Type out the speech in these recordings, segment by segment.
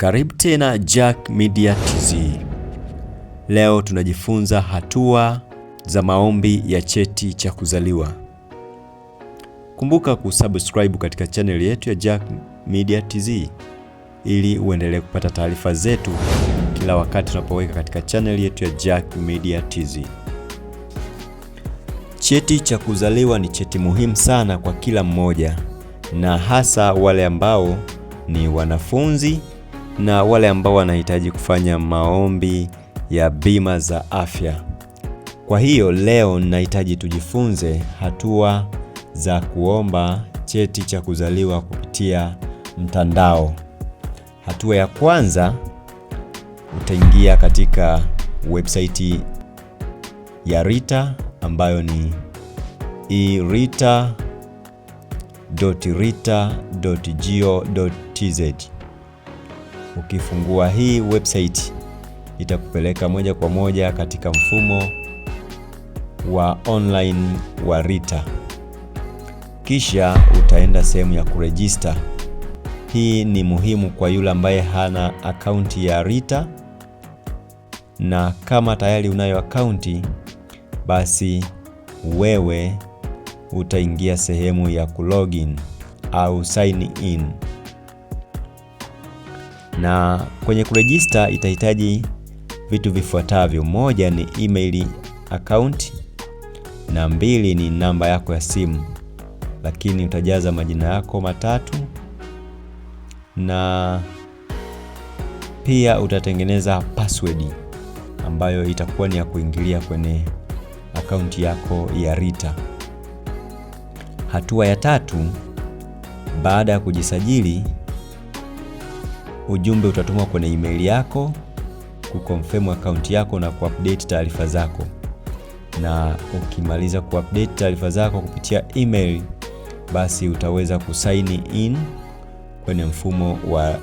Karibu tena Jack Media TZ. Leo tunajifunza hatua za maombi ya cheti cha kuzaliwa. Kumbuka kusubscribe katika chaneli yetu ya Jack Media TZ ili uendelee kupata taarifa zetu kila wakati tunapoweka katika chaneli yetu ya Jack Media TZ. Cheti cha kuzaliwa ni cheti muhimu sana kwa kila mmoja na hasa wale ambao ni wanafunzi na wale ambao wanahitaji kufanya maombi ya bima za afya. Kwa hiyo leo ninahitaji tujifunze hatua za kuomba cheti cha kuzaliwa kupitia mtandao. Hatua ya kwanza, utaingia katika website ya RITA ambayo ni erita.rita.go.tz. Ukifungua hii website itakupeleka moja kwa moja katika mfumo wa online wa RITA, kisha utaenda sehemu ya kurejista. Hii ni muhimu kwa yule ambaye hana akaunti ya RITA, na kama tayari unayo akaunti, basi wewe utaingia sehemu ya kulogin au sign in na kwenye kurejista itahitaji vitu vifuatavyo: moja ni email account, na mbili ni namba yako ya simu, lakini utajaza majina yako matatu, na pia utatengeneza password ambayo itakuwa ni ya kuingilia kwenye akaunti yako ya Rita. Hatua ya tatu baada ya kujisajili ujumbe utatumwa kwenye email yako kuconfirm account yako na kuupdate taarifa zako, na ukimaliza kuupdate taarifa zako kupitia email, basi utaweza kusign in kwenye mfumo wa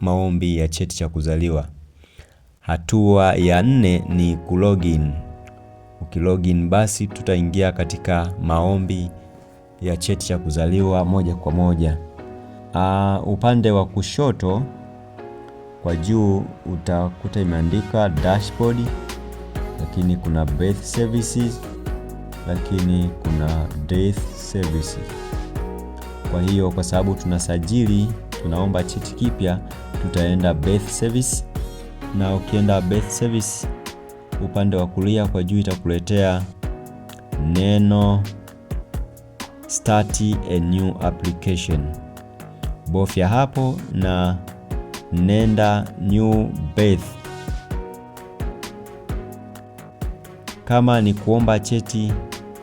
maombi ya cheti cha kuzaliwa. Hatua ya nne ni kulogin. Ukilogin basi tutaingia katika maombi ya cheti cha kuzaliwa moja kwa moja. Uh, upande wa kushoto kwa juu utakuta imeandika dashboard, lakini kuna birth services, lakini kuna death services. Kwa hiyo kwa sababu tunasajili, tunaomba cheti kipya, tutaenda birth service, na ukienda birth service upande wa kulia kwa juu itakuletea neno start a new application. Bofya hapo na nenda New Birth. Kama ni kuomba cheti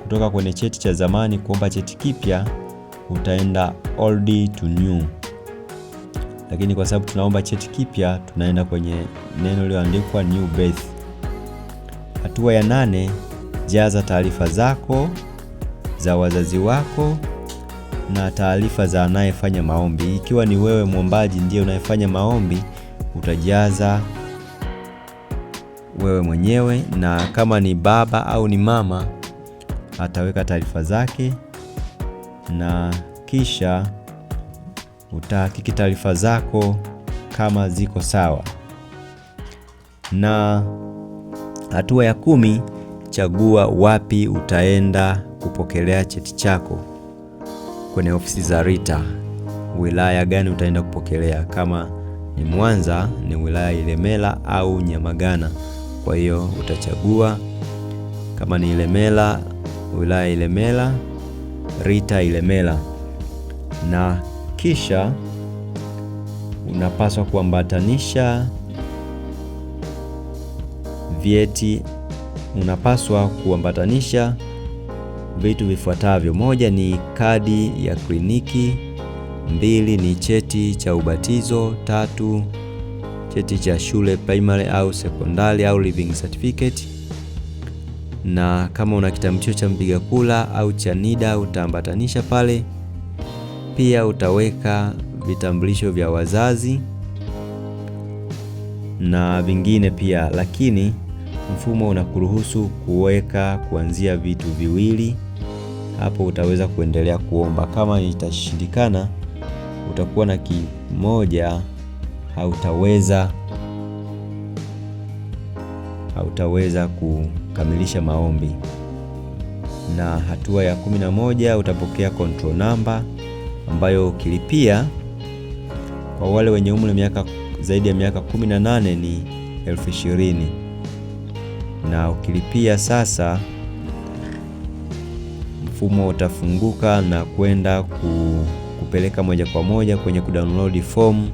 kutoka kwenye cheti cha zamani kuomba cheti kipya, utaenda old to new, lakini kwa sababu tunaomba cheti kipya, tunaenda kwenye neno lililoandikwa New Birth. Hatua ya nane, jaza taarifa zako za wazazi wako na taarifa za anayefanya maombi. Ikiwa ni wewe mwombaji ndiye unayefanya maombi, utajaza wewe mwenyewe, na kama ni baba au ni mama ataweka taarifa zake, na kisha utahakiki taarifa zako kama ziko sawa. Na hatua ya kumi, chagua wapi utaenda kupokelea cheti chako kwenye ofisi za RITA, wilaya gani utaenda kupokelea. Kama ni Mwanza, ni wilaya Ilemela au Nyamagana. Kwa hiyo utachagua kama ni Ilemela, wilaya Ilemela, RITA Ilemela, na kisha unapaswa kuambatanisha vyeti, unapaswa kuambatanisha vitu vifuatavyo: moja ni kadi ya kliniki, mbili ni cheti cha ubatizo, tatu cheti cha shule primary au sekondari au living certificate, na kama una kitambulisho cha mpiga kula au cha NIDA utaambatanisha pale. Pia utaweka vitambulisho vya wazazi na vingine pia, lakini mfumo unakuruhusu kuweka kuanzia vitu viwili hapo utaweza kuendelea kuomba. Kama itashindikana, utakuwa na kimoja hautaweza hautaweza kukamilisha maombi. Na hatua ya kumi na moja utapokea control number ambayo ukilipia kwa wale wenye umri miaka zaidi ya miaka 18 ni elfu ishirini na ukilipia sasa mfumo utafunguka na kwenda ku, kupeleka moja kwa moja kwenye kudownload form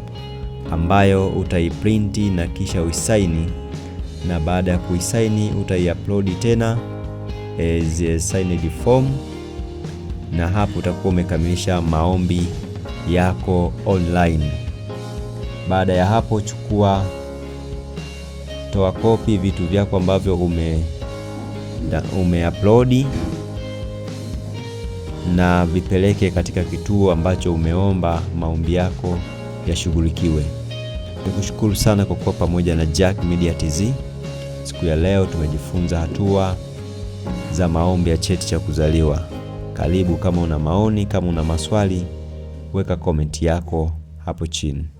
ambayo utaiprinti na kisha uisaini, na baada ya kuisaini utaiupload tena as e, a signed form, na hapo utakuwa umekamilisha maombi yako online. Baada ya hapo, chukua toa kopi vitu vyako ambavyo ume umeupload na vipeleke katika kituo ambacho umeomba maombi yako yashughulikiwe. Nikushukuru sana kwa kuwa pamoja na Jack Media TZ. Siku ya leo tumejifunza hatua za maombi ya cheti cha kuzaliwa. Karibu, kama una maoni, kama una maswali, weka komenti yako hapo chini.